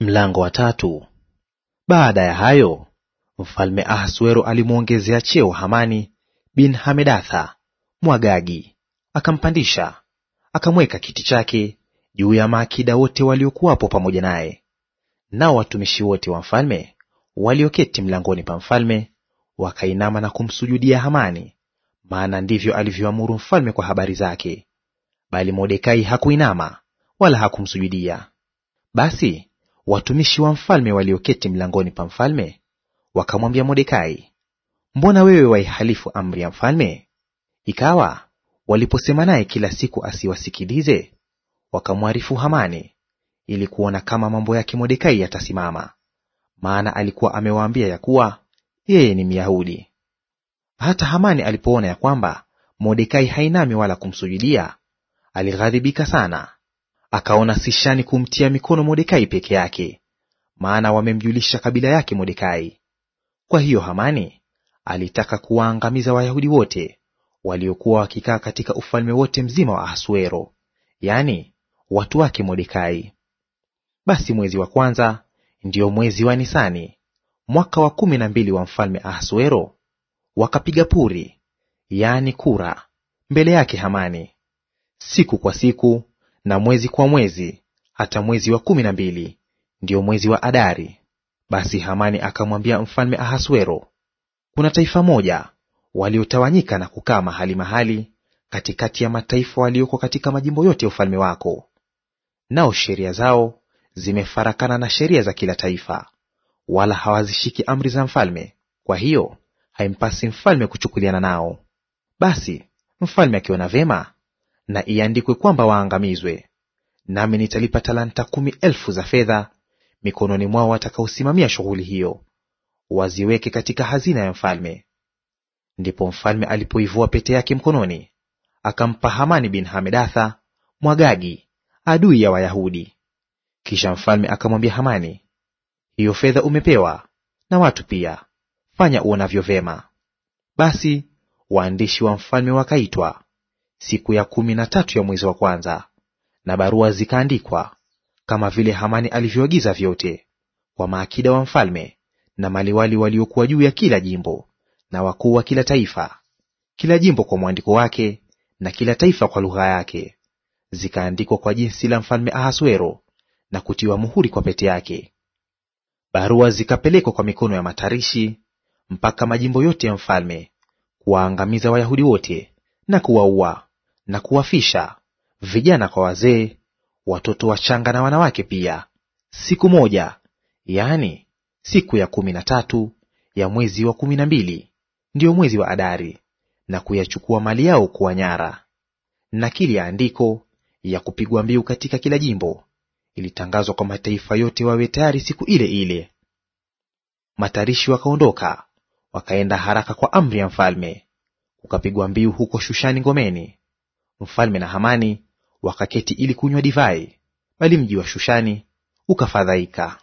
Mlango wa tatu. Baada ya hayo mfalme Ahasuero alimwongezea cheo Hamani bin Hamedatha Mwagagi, akampandisha akamweka kiti chake juu ya maakida wote waliokuwapo pamoja naye. Nao watumishi wote wa mfalme walioketi mlangoni pa mfalme wakainama na kumsujudia Hamani, maana ndivyo alivyoamuru mfalme kwa habari zake. Bali Mordekai hakuinama wala hakumsujudia. Basi Watumishi wa mfalme walioketi mlangoni pa mfalme wakamwambia Mordekai, mbona wewe waihalifu amri ya mfalme? Ikawa waliposema naye kila siku asiwasikilize, wakamwarifu Hamani ili kuona kama mambo yake Mordekai yatasimama, maana alikuwa amewaambia ya kuwa yeye ni Myahudi. Hata Hamani alipoona ya kwamba Mordekai hainami wala kumsujudia, alighadhibika sana, akaona sishani kumtia mikono Mordekai peke yake, maana wamemjulisha kabila yake Mordekai. Kwa hiyo Hamani alitaka kuwaangamiza Wayahudi wote waliokuwa wakikaa katika ufalme wote mzima wa Ahasuero, yaani watu wake Mordekai. Basi mwezi wa kwanza ndio mwezi wa Nisani, mwaka wa kumi na mbili wa mfalme Ahasuero, wakapiga puri, yaani kura, mbele yake Hamani. Siku kwa siku na mwezi kwa mwezi, hata mwezi wa kumi na mbili, ndiyo mwezi wa Adari. Basi Hamani akamwambia mfalme Ahasuero, kuna taifa moja waliotawanyika na kukaa mahali mahali katikati ya mataifa walioko katika majimbo yote ya ufalme wako, nao sheria zao zimefarakana na sheria za kila taifa, wala hawazishiki amri za mfalme, kwa hiyo haimpasi mfalme kuchukuliana nao. Basi mfalme akiona vema na iandikwe kwamba waangamizwe. Nami nitalipa talanta kumi elfu za fedha mikononi mwao watakaosimamia shughuli hiyo, waziweke katika hazina ya mfalme. Ndipo mfalme alipoivua pete yake mkononi, akampa Hamani bin Hamedatha Mwagagi, adui ya Wayahudi. Kisha mfalme akamwambia Hamani, hiyo fedha umepewa na watu pia, fanya uonavyo vyema. Basi waandishi wa mfalme wakaitwa siku ya kumi na tatu ya mwezi wa kwanza. Na barua zikaandikwa kama vile Hamani alivyoagiza vyote, kwa maakida wa mfalme na maliwali waliokuwa juu ya kila jimbo na wakuu wa kila taifa, kila jimbo kwa mwandiko wake na kila taifa kwa lugha yake. Zikaandikwa kwa jinsi la mfalme Ahasuero na kutiwa muhuri kwa pete yake. Barua zikapelekwa kwa mikono ya matarishi mpaka majimbo yote ya mfalme, kuwaangamiza Wayahudi wote na kuwaua, na kuwafisha vijana kwa wazee, watoto wachanga na wanawake pia, siku moja, yaani siku ya kumi na tatu ya mwezi wa kumi na mbili, ndiyo mwezi wa Adari, na kuyachukua mali yao kuwa nyara. kili ya andiko ya kupigwa mbiu katika kila jimbo ilitangazwa kwa mataifa yote wawe tayari siku ile ile. Matarishi wakaondoka wakaenda haraka kwa amri ya mfalme, kukapigwa mbiu huko Shushani ngomeni, Mfalme na Hamani wakaketi ili kunywa divai, bali mji wa Shushani ukafadhaika.